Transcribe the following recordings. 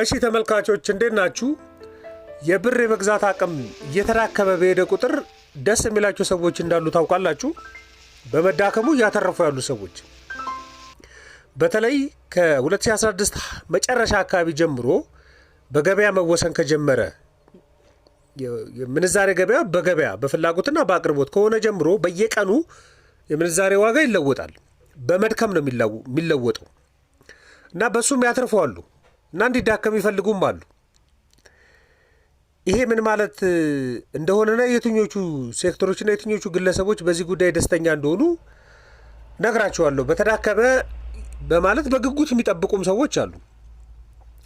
እሺ ተመልካቾች እንዴት ናችሁ? የብር የመግዛት አቅም እየተዳከመ በሄደ ቁጥር ደስ የሚላቸው ሰዎች እንዳሉ ታውቃላችሁ። በመዳከሙ እያተረፉ ያሉ ሰዎች በተለይ ከ2016 መጨረሻ አካባቢ ጀምሮ በገበያ መወሰን ከጀመረ የምንዛሬ ገበያ በገበያ በፍላጎትና በአቅርቦት ከሆነ ጀምሮ በየቀኑ የምንዛሬ ዋጋ ይለወጣል። በመድከም ነው የሚለወጠው እና በእሱም ያትርፈዋሉ። እና እንዲዳከም ይፈልጉም አሉ። ይሄ ምን ማለት እንደሆነና የትኞቹ ሴክተሮችና የትኞቹ ግለሰቦች በዚህ ጉዳይ ደስተኛ እንደሆኑ ነግራቸዋለሁ። በተዳከመ በማለት በግጉት የሚጠብቁም ሰዎች አሉ።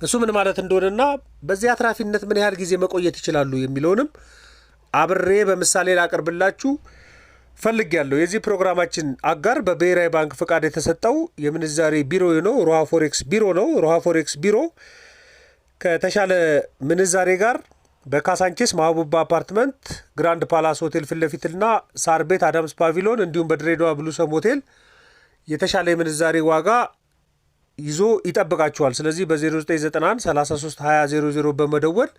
እሱ ምን ማለት እንደሆነና በዚህ አትራፊነት ምን ያህል ጊዜ መቆየት ይችላሉ የሚለውንም አብሬ በምሳሌ ላቅርብላችሁ? ፈልግ ያለው የዚህ ፕሮግራማችን አጋር በብሔራዊ ባንክ ፈቃድ የተሰጠው የምንዛሬ ቢሮ ነው፣ ሮሃ ፎሬክስ ቢሮ ነው። ሮሃ ፎሬክስ ቢሮ ከተሻለ ምንዛሬ ጋር በካሳንቼስ ማህቡባ አፓርትመንት፣ ግራንድ ፓላስ ሆቴል ፊት ለፊትና ሳር ቤት አዳምስ ፓቪሎን እንዲሁም በድሬዳዋ ብሉሰም ሆቴል የተሻለ የምንዛሬ ዋጋ ይዞ ይጠብቃችኋል። ስለዚህ በ0991 በመደወል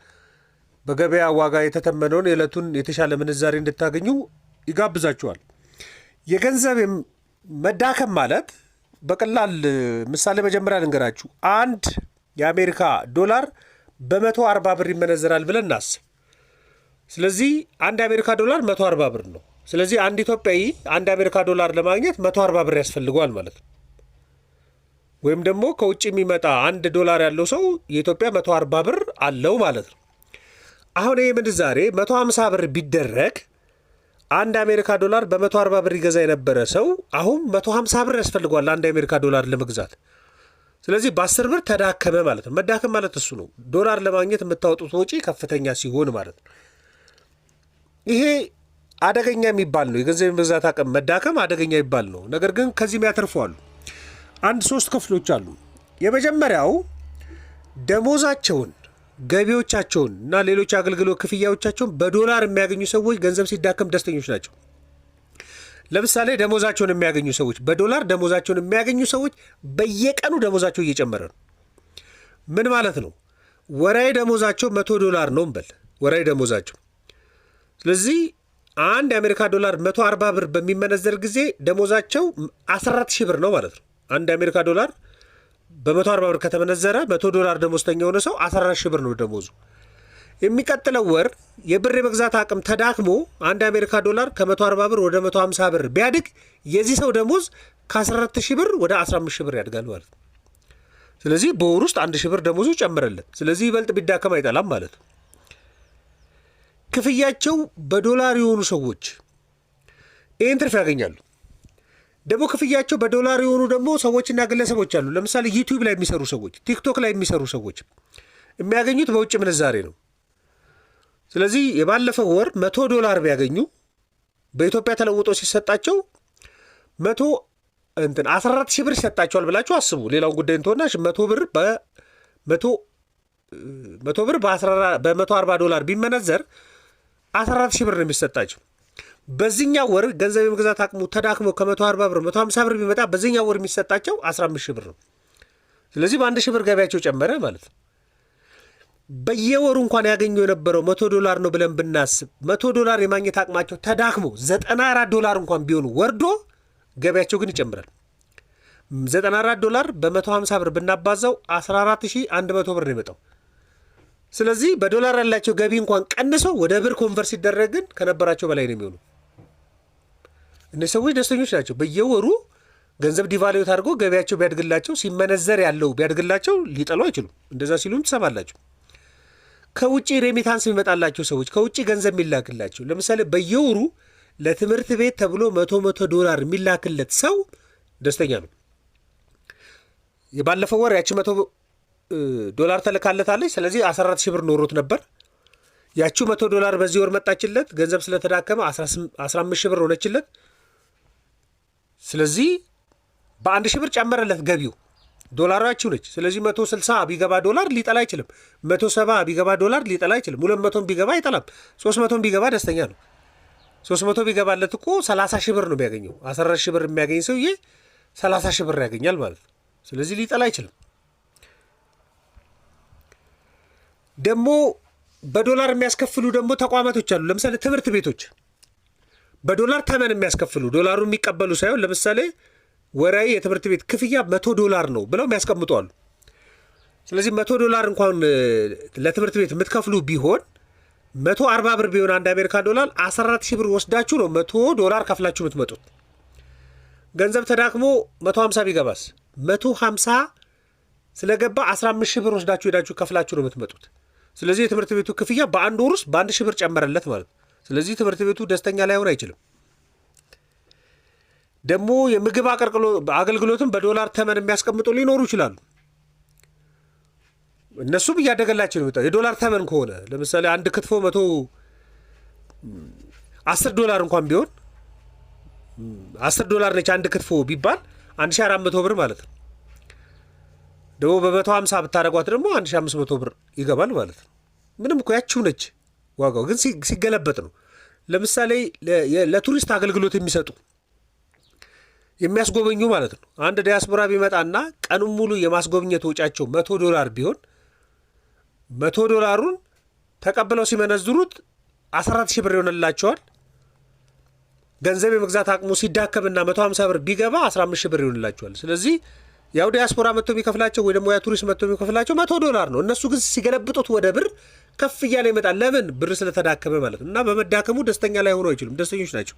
በገበያ ዋጋ የተተመነውን የዕለቱን የተሻለ ምንዛሬ እንድታገኙ ይጋብዛችኋል። የገንዘብ መዳከም ማለት በቀላል ምሳሌ መጀመሪያ ልንገራችሁ። አንድ የአሜሪካ ዶላር በመቶ አርባ ብር ይመነዘራል ብለን እናስብ። ስለዚህ አንድ የአሜሪካ ዶላር መቶ አርባ ብር ነው። ስለዚህ አንድ ኢትዮጵያዊ አንድ አሜሪካ ዶላር ለማግኘት መቶ አርባ ብር ያስፈልገዋል ማለት ነው። ወይም ደግሞ ከውጭ የሚመጣ አንድ ዶላር ያለው ሰው የኢትዮጵያ መቶ አርባ ብር አለው ማለት ነው። አሁን ይህ ምንዛሬ መቶ ሀምሳ ብር ቢደረግ አንድ አሜሪካ ዶላር በ140 ብር ይገዛ የነበረ ሰው አሁን 150 ብር ያስፈልጓል አንድ አሜሪካ ዶላር ለመግዛት። ስለዚህ በ10 ብር ተዳከመ ማለት ነው። መዳከም ማለት እሱ ነው። ዶላር ለማግኘት የምታወጡት ወጪ ከፍተኛ ሲሆን ማለት ነው። ይሄ አደገኛ የሚባል ነው። የገንዘብ መግዛት አቅም መዳከም አደገኛ የሚባል ነው። ነገር ግን ከዚህም ያተርፈዋሉ። አንድ ሶስት ክፍሎች አሉ። የመጀመሪያው ደሞዛቸውን ገቢዎቻቸውን እና ሌሎች አገልግሎት ክፍያዎቻቸውን በዶላር የሚያገኙ ሰዎች ገንዘብ ሲዳከም ደስተኞች ናቸው። ለምሳሌ ደሞዛቸውን የሚያገኙ ሰዎች በዶላር ደሞዛቸውን የሚያገኙ ሰዎች በየቀኑ ደሞዛቸው እየጨመረ ነው። ምን ማለት ነው? ወራዊ ደሞዛቸው መቶ ዶላር ነው እንበል፣ ወራዊ ደሞዛቸው። ስለዚህ አንድ የአሜሪካ ዶላር መቶ 140 ብር በሚመነዘር ጊዜ ደሞዛቸው 14 ሺህ ብር ነው ማለት ነው። አንድ የአሜሪካ ዶላር በመቶ አርባ ብር ከተመነዘረ መቶ ዶላር ደሞዝተኛ የሆነ ሰው አስራ አራት ሺህ ብር ነው ደሞዙ። የሚቀጥለው ወር የብር የመግዛት አቅም ተዳክሞ አንድ አሜሪካ ዶላር ከመቶ አርባ ብር ወደ መቶ ሀምሳ ብር ቢያድግ የዚህ ሰው ደሞዝ ከአስራ አራት ሺ ብር ወደ አስራ አምስት ሺ ብር ያድጋል ማለት ነው። ስለዚህ በወር ውስጥ አንድ ሺ ብር ደሞዙ ጨምረለት። ስለዚህ ይበልጥ ቢዳከም አይጠላም ማለት ነው። ክፍያቸው በዶላር የሆኑ ሰዎች ይህን ትርፍ ያገኛሉ። ደግሞ ክፍያቸው በዶላር የሆኑ ደግሞ ሰዎችና ግለሰቦች አሉ። ለምሳሌ ዩቲዩብ ላይ የሚሰሩ ሰዎች፣ ቲክቶክ ላይ የሚሰሩ ሰዎች የሚያገኙት በውጭ ምንዛሬ ነው። ስለዚህ የባለፈው ወር መቶ ዶላር ቢያገኙ በኢትዮጵያ ተለውጦ ሲሰጣቸው መቶ እንትን 14 ሺህ ብር ይሰጣቸዋል ብላችሁ አስቡ። ሌላውን ጉዳይ እንትሆና መቶ ብር በመቶ ብር በመቶ አርባ ዶላር ቢመነዘር 14 ሺህ ብር ነው የሚሰጣቸው። በዚህኛው ወር ገንዘብ የመግዛት አቅሙ ተዳክሞ ከ140 ብር 150 ብር ቢመጣ በዚህኛው ወር የሚሰጣቸው 15 ሺህ ብር ነው። ስለዚህ በአንድ ሽብር ብር ገበያቸው ጨመረ ማለት ነው። በየወሩ እንኳን ያገኙ የነበረው መቶ ዶላር ነው ብለን ብናስብ መቶ ዶላር የማግኘት አቅማቸው ተዳክሞ 94 ዶላር እንኳን ቢሆኑ ወርዶ ገበያቸው ግን ይጨምራል። 94 ዶላር በ150 ብር ብናባዛው 14100 ብር ነው የመጣው። ስለዚህ በዶላር ያላቸው ገቢ እንኳን ቀንሶ ወደ ብር ኮንቨር ሲደረግ ግን ከነበራቸው በላይ ነው የሚሆኑ። እነዚህ ሰዎች ደስተኞች ናቸው። በየወሩ ገንዘብ ዲቫሉዌት አድርጎ ገቢያቸው ቢያድግላቸው ሲመነዘር ያለው ቢያድግላቸው ሊጠሉ አይችሉም። እንደዛ ሲሉም ትሰማላችሁ። ከውጭ ሬሚታንስ የሚመጣላቸው ሰዎች ከውጭ ገንዘብ የሚላክላቸው ለምሳሌ በየወሩ ለትምህርት ቤት ተብሎ መቶ መቶ ዶላር የሚላክለት ሰው ደስተኛ ነው። ባለፈው ወር ያቺ መቶ ዶላር ተልካለታለች። ስለዚህ 14 ሺህ ብር ኖሮት ነበር። ያቺው መቶ ዶላር በዚህ ወር መጣችለት። ገንዘብ ስለተዳከመ 15 ሺህ ብር ሆነችለት። ስለዚህ በአንድ ሺህ ብር ጨመረለት ገቢው ዶላራችሁ ነች። ስለዚህ መቶ ስልሳ ቢገባ ዶላር ሊጠላ አይችልም። መቶ ሰባ ቢገባ ዶላር ሊጠላ አይችልም። ሁለት መቶም ቢገባ አይጠላም። ሶስት መቶም ቢገባ ደስተኛ ነው። ሶስት መቶ ቢገባለት እኮ ሰላሳ ሺህ ብር ነው የሚያገኘው። አስራ ሺህ ብር የሚያገኝ ሰውዬ ሰላሳ ሺህ ብር ያገኛል ማለት ነው። ስለዚህ ሊጠላ አይችልም። ደግሞ በዶላር የሚያስከፍሉ ደግሞ ተቋማቶች አሉ። ለምሳሌ ትምህርት ቤቶች በዶላር ተመን የሚያስከፍሉ ዶላሩ የሚቀበሉ ሳይሆን ለምሳሌ ወራዊ የትምህርት ቤት ክፍያ መቶ ዶላር ነው ብለው የሚያስቀምጡ አሉ። ስለዚህ መቶ ዶላር እንኳን ለትምህርት ቤት የምትከፍሉ ቢሆን መቶ አርባ ብር ቢሆን አንድ አሜሪካ ዶላር አስራ አራት ሺህ ብር ወስዳችሁ ነው መቶ ዶላር ከፍላችሁ የምትመጡት። ገንዘብ ተዳክሞ መቶ ሀምሳ ቢገባስ መቶ ሀምሳ ስለገባ አስራ አምስት ሺህ ብር ወስዳችሁ ሄዳችሁ ከፍላችሁ ነው የምትመጡት። ስለዚህ የትምህርት ቤቱ ክፍያ በአንድ ወር ውስጥ በአንድ ሺህ ብር ጨመረለት ማለት ነው። ስለዚህ ትምህርት ቤቱ ደስተኛ ላይሆን አይችልም። ደግሞ የምግብ አገልግሎትን በዶላር ተመን የሚያስቀምጡ ሊኖሩ ይችላሉ። እነሱም እያደገላቸው ነው የዶላር ተመን ከሆነ ለምሳሌ አንድ ክትፎ መቶ አስር ዶላር እንኳን ቢሆን አስር ዶላር ነች አንድ ክትፎ ቢባል አንድ ሺህ አራት መቶ ብር ማለት ነው። ደግሞ በመቶ ሀምሳ ብታደረጓት ደግሞ አንድ ሺ አምስት መቶ ብር ይገባል ማለት ነው። ምንም እኮ ያችው ነች ዋጋው ግን ሲገለበጥ ነው። ለምሳሌ ለቱሪስት አገልግሎት የሚሰጡ የሚያስጎበኙ ማለት ነው። አንድ ዲያስፖራ ቢመጣና ቀኑን ሙሉ የማስጎብኘት ወጫቸው መቶ ዶላር ቢሆን መቶ ዶላሩን ተቀብለው ሲመነዝሩት አስራ አራት ሺህ ብር ይሆንላቸዋል። ገንዘብ የመግዛት አቅሙ ሲዳከምና መቶ ሀምሳ ብር ቢገባ አስራ አምስት ሺህ ብር ይሆንላቸዋል። ስለዚህ ያው ዲያስፖራ መጥቶ የሚከፍላቸው ወይ ደግሞ ያ ቱሪስት መጥቶ የሚከፍላቸው መቶ ዶላር ነው። እነሱ ግን ሲገለብጡት ወደ ብር ከፍ እያለ ይመጣል። ለምን ብር ስለተዳከመ ማለት ነው። እና በመዳከሙ ደስተኛ ላይ ሆኖ አይችሉም። ደስተኞች ናቸው።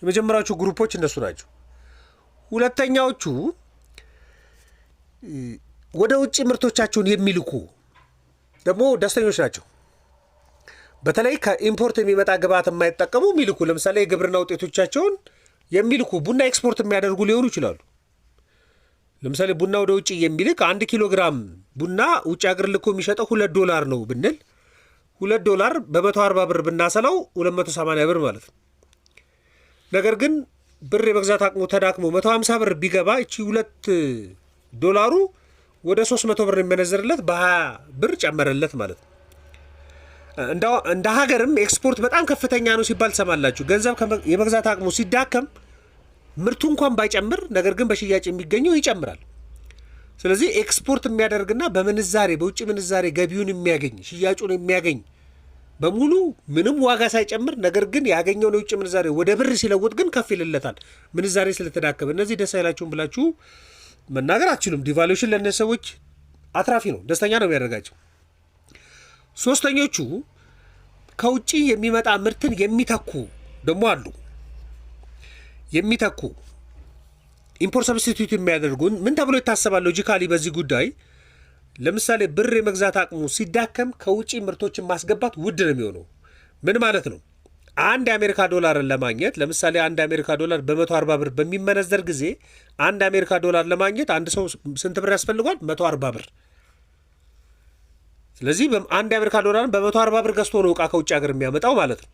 የመጀመሪያዎቹ ግሩፖች እነሱ ናቸው። ሁለተኛዎቹ ወደ ውጭ ምርቶቻቸውን የሚልኩ ደግሞ ደስተኞች ናቸው። በተለይ ከኢምፖርት የሚመጣ ግብዓት የማይጠቀሙ የሚልኩ ለምሳሌ የግብርና ውጤቶቻቸውን የሚልኩ ቡና ኤክስፖርት የሚያደርጉ ሊሆኑ ይችላሉ። ለምሳሌ ቡና ወደ ውጭ የሚልክ አንድ ኪሎ ግራም ቡና ውጭ ሀገር ልኮ የሚሸጠው ሁለት ዶላር ነው ብንል ሁለት ዶላር በ140 ብር ብናሰላው 280 ብር ማለት ነው። ነገር ግን ብር የመግዛት አቅሙ ተዳክሞ 150 ብር ቢገባ እቺ ሁለት ዶላሩ ወደ 300 ብር የሚመነዘርለት በ20 ብር ጨመረለት ማለት ነው። እንደ ሀገርም ኤክስፖርት በጣም ከፍተኛ ነው ሲባል ትሰማላችሁ። ገንዘብ የመግዛት አቅሙ ሲዳከም ምርቱ እንኳን ባይጨምር፣ ነገር ግን በሽያጭ የሚገኘው ይጨምራል። ስለዚህ ኤክስፖርት የሚያደርግና በምንዛሬ በውጭ ምንዛሬ ገቢውን የሚያገኝ ሽያጩን የሚያገኝ በሙሉ ምንም ዋጋ ሳይጨምር ነገር ግን ያገኘውን የውጭ ምንዛሬ ወደ ብር ሲለውጥ ግን ከፍ ይልለታል፣ ምንዛሬ ስለተዳከመ። እነዚህ ደስ አይላችሁም ብላችሁ መናገር አትችሉም። ዲቫሉሽን ለእነዚህ ሰዎች አትራፊ ነው፣ ደስተኛ ነው የሚያደርጋቸው። ሶስተኞቹ ከውጭ የሚመጣ ምርትን የሚተኩ ደግሞ አሉ። የሚተኩ ኢምፖርት ሰብስቲቱት የሚያደርጉን ምን ተብሎ ይታሰባል? ሎጂካሊ በዚህ ጉዳይ ለምሳሌ ብር የመግዛት አቅሙ ሲዳከም ከውጭ ምርቶችን ማስገባት ውድ ነው የሚሆነው። ምን ማለት ነው? አንድ የአሜሪካ ዶላርን ለማግኘት ለምሳሌ አንድ የአሜሪካ ዶላር በመቶ አርባ ብር በሚመነዘር ጊዜ አንድ የአሜሪካ ዶላር ለማግኘት አንድ ሰው ስንት ብር ያስፈልጓል? መቶ አርባ ብር። ስለዚህ አንድ የአሜሪካ ዶላርን በመቶ አርባ ብር ገዝቶ ነው እቃ ከውጭ ሀገር የሚያመጣው ማለት ነው።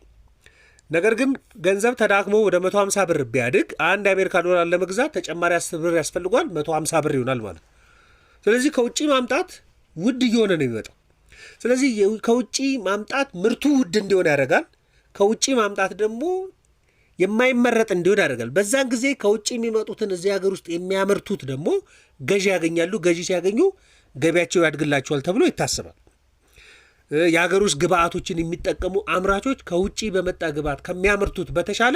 ነገር ግን ገንዘብ ተዳክሞ ወደ 150 ብር ቢያድግ አንድ የአሜሪካ ዶላር ለመግዛት ተጨማሪ 10 ብር ያስፈልጓል። 150 ብር ይሆናል ማለት ስለዚህ ከውጭ ማምጣት ውድ እየሆነ ነው የሚመጣው። ስለዚህ ከውጭ ማምጣት ምርቱ ውድ እንዲሆን ያደርጋል። ከውጭ ማምጣት ደግሞ የማይመረጥ እንዲሆን ያደርጋል። በዛን ጊዜ ከውጭ የሚመጡትን እዚህ ሀገር ውስጥ የሚያመርቱት ደግሞ ገዢ ያገኛሉ። ገዢ ሲያገኙ ገቢያቸው ያድግላቸዋል ተብሎ ይታሰባል። የሀገር ውስጥ ግብአቶችን የሚጠቀሙ አምራቾች ከውጭ በመጣ ግብአት ከሚያመርቱት በተሻለ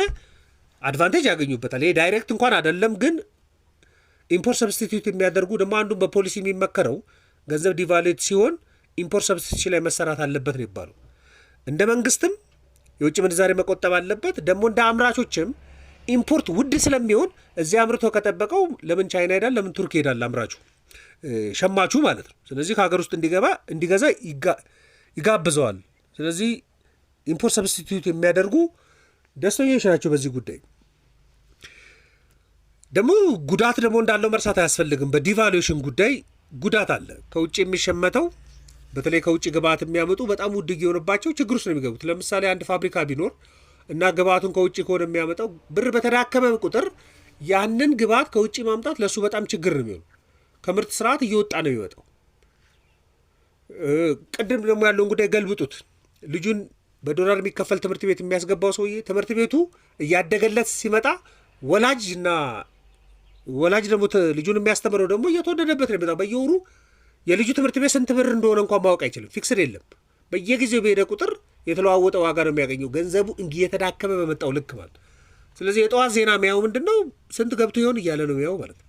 አድቫንቴጅ ያገኙበታል። ይሄ ዳይሬክት እንኳን አይደለም፣ ግን ኢምፖርት ሰብስቲቱት የሚያደርጉ ደግሞ አንዱ በፖሊሲ የሚመከረው ገንዘብ ዲቫሌት ሲሆን ኢምፖርት ሰብስቲቱሽን ላይ መሰራት አለበት ነው ይባሉ። እንደ መንግስትም የውጭ ምንዛሬ መቆጠብ አለበት። ደግሞ እንደ አምራቾችም ኢምፖርት ውድ ስለሚሆን እዚህ አምርቶ ከጠበቀው ለምን ቻይና ሄዳል? ለምን ቱርክ ሄዳል? አምራቹ ሸማቹ ማለት ነው። ስለዚህ ከሀገር ውስጥ እንዲገባ እንዲገዛ ይጋብዘዋል። ስለዚህ ኢምፖርት ሰብስቲቱት የሚያደርጉ ደስተኞች ናቸው በዚህ ጉዳይ። ደግሞ ጉዳት ደግሞ እንዳለው መርሳት አያስፈልግም። በዲቫሉዌሽን ጉዳይ ጉዳት አለ። ከውጭ የሚሸመተው በተለይ ከውጭ ግብአት የሚያመጡ በጣም ውድ የሆነባቸው ችግር ውስጥ ነው የሚገቡት። ለምሳሌ አንድ ፋብሪካ ቢኖር እና ግብአቱን ከውጭ ከሆነ የሚያመጣው ብር በተዳከመ ቁጥር ያንን ግብዓት ከውጭ ማምጣት ለእሱ በጣም ችግር ነው የሚሆኑ ከምርት ስርዓት እየወጣ ነው የሚመጣው። ቅድም ደግሞ ያለውን ጉዳይ ገልብጡት። ልጁን በዶላር የሚከፈል ትምህርት ቤት የሚያስገባው ሰውዬ ትምህርት ቤቱ እያደገለት ሲመጣ ወላጅ እና ወላጅ ደግሞ ልጁን የሚያስተምረው ደግሞ እየተወደደበት ነው የሚመጣው። በየወሩ የልጁ ትምህርት ቤት ስንት ብር እንደሆነ እንኳን ማወቅ አይችልም። ፊክስድ የለም። በየጊዜው በሄደ ቁጥር የተለዋወጠ ዋጋ ነው የሚያገኘው። ገንዘቡ እየተዳከመ በመጣው ልክ ማለት ስለዚህ የጠዋት ዜና ሚያው ምንድን ነው? ስንት ገብቶ ይሆን እያለ ነው ሚያው ማለት ነው።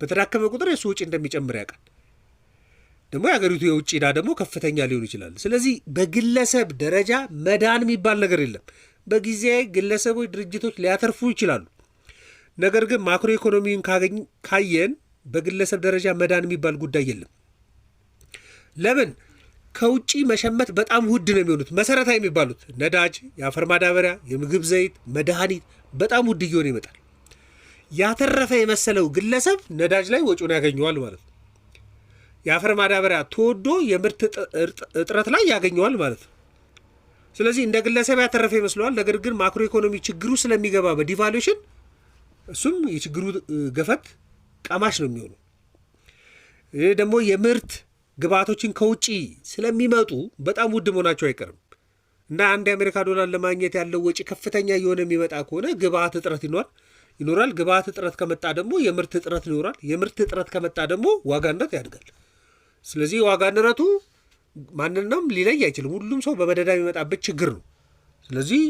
በተዳከመ ቁጥር የሱ ውጪ እንደሚጨምር ያውቃል። ደግሞ የሀገሪቱ የውጭ ዕዳ ደግሞ ከፍተኛ ሊሆን ይችላል። ስለዚህ በግለሰብ ደረጃ መዳን የሚባል ነገር የለም። በጊዜ ግለሰቦች፣ ድርጅቶች ሊያተርፉ ይችላሉ። ነገር ግን ማክሮ ኢኮኖሚውን ካየን በግለሰብ ደረጃ መዳን የሚባል ጉዳይ የለም። ለምን? ከውጭ መሸመት በጣም ውድ ነው የሚሆኑት መሰረታዊ የሚባሉት ነዳጅ፣ የአፈር ማዳበሪያ፣ የምግብ ዘይት፣ መድኃኒት በጣም ውድ እየሆነ ይመጣል። ያተረፈ የመሰለው ግለሰብ ነዳጅ ላይ ወጪውን ያገኘዋል ማለት ነው። የአፈር ማዳበሪያ ተወዶ የምርት እጥረት ላይ ያገኘዋል ማለት ነው። ስለዚህ እንደ ግለሰብ ያተረፈ ይመስለዋል። ነገር ግን ማክሮ ኢኮኖሚ ችግሩ ስለሚገባ በዲቫሉሽን እሱም የችግሩ ገፈት ቀማሽ ነው የሚሆኑ ይህ ደግሞ የምርት ግብዓቶችን ከውጪ ስለሚመጡ በጣም ውድ መሆናቸው አይቀርም እና አንድ የአሜሪካ ዶላር ለማግኘት ያለው ወጪ ከፍተኛ እየሆነ የሚመጣ ከሆነ ግብአት እጥረት ይኖራል ይኖራል። ግብዓት እጥረት ከመጣ ደግሞ የምርት እጥረት ይኖራል። የምርት እጥረት ከመጣ ደግሞ ዋጋ ንረት ያድጋል። ስለዚህ የዋጋ ንረቱ ማንንም ሊለይ አይችልም። ሁሉም ሰው በመደዳ የሚመጣበት ችግር ነው። ስለዚህ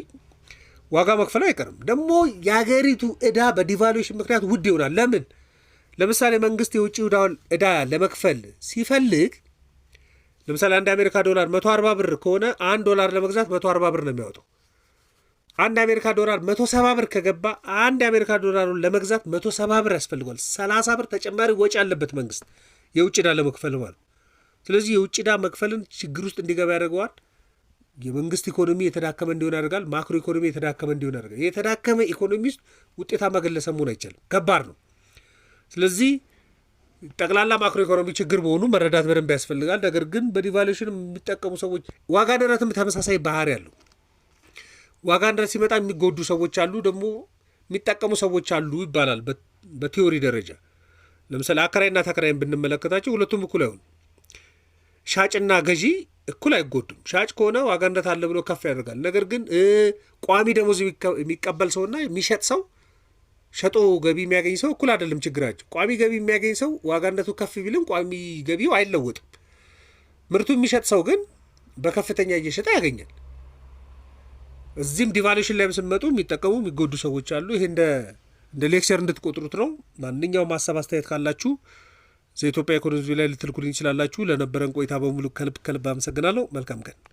ዋጋ መክፈል አይቀርም። ደግሞ የሀገሪቱ እዳ በዲቫሉዌሽን ምክንያት ውድ ይሆናል። ለምን? ለምሳሌ መንግስት የውጭ እዳ ለመክፈል ሲፈልግ ለምሳሌ አንድ የአሜሪካ ዶላር መቶ አርባ ብር ከሆነ አንድ ዶላር ለመግዛት መቶ አርባ ብር ነው የሚያወጣው። አንድ የአሜሪካ ዶላር መቶ ሰባ ብር ከገባ አንድ የአሜሪካ ዶላሩን ለመግዛት መቶ ሰባ ብር ያስፈልገዋል። ሰላሳ ብር ተጨማሪ ወጪ ያለበት መንግስት የውጭ እዳ ለመክፈል ማለት ስለዚህ የውጭ ዕዳ መክፈልን ችግር ውስጥ እንዲገባ ያደርገዋል። የመንግስት ኢኮኖሚ የተዳከመ እንዲሆን ያደርጋል። ማክሮ ኢኮኖሚ የተዳከመ እንዲሆን ያደርጋል። የተዳከመ ኢኮኖሚ ውስጥ ውጤታማ ግለሰብ መሆን አይቻልም። ከባድ ነው። ስለዚህ ጠቅላላ ማክሮ ኢኮኖሚ ችግር መሆኑ መረዳት በደንብ ያስፈልጋል። ነገር ግን በዲቫሉሽን የሚጠቀሙ ሰዎች ዋጋ ንረትም ተመሳሳይ ባህሪ ያለው ዋጋ ንረት ሲመጣ የሚጎዱ ሰዎች አሉ፣ ደግሞ የሚጠቀሙ ሰዎች አሉ ይባላል። በቲዎሪ ደረጃ ለምሳሌ አከራይና ተከራይን ብንመለከታቸው ሁለቱም እኩል አይሆኑ ሻጭና ገዢ እኩል አይጎዱም። ሻጭ ከሆነ ዋጋ ንረት አለ ብሎ ከፍ ያደርጋል። ነገር ግን ቋሚ ደሞዝ የሚቀበል ሰውና የሚሸጥ ሰው ሸጦ ገቢ የሚያገኝ ሰው እኩል አይደለም ችግራቸው። ቋሚ ገቢ የሚያገኝ ሰው ዋጋ ከፍ ቢልም ቋሚ ገቢው አይለወጥም። ምርቱ የሚሸጥ ሰው ግን በከፍተኛ እየሸጠ ያገኛል። እዚህም ዲቫሉሽን ላይ ስንመጡ የሚጠቀሙ የሚጎዱ ሰዎች አሉ። ይሄ እንደ ሌክቸር እንድትቆጥሩት ነው። ማንኛውም ሀሳብ አስተያየት ካላችሁ ዘኢትዮጵያ ኢኮኖሚ ላይ ልትልኩልኝ ይችላላችሁ። ለነበረን ቆይታ በሙሉ ከልብ ከልብ አመሰግናለሁ። መልካም ቀን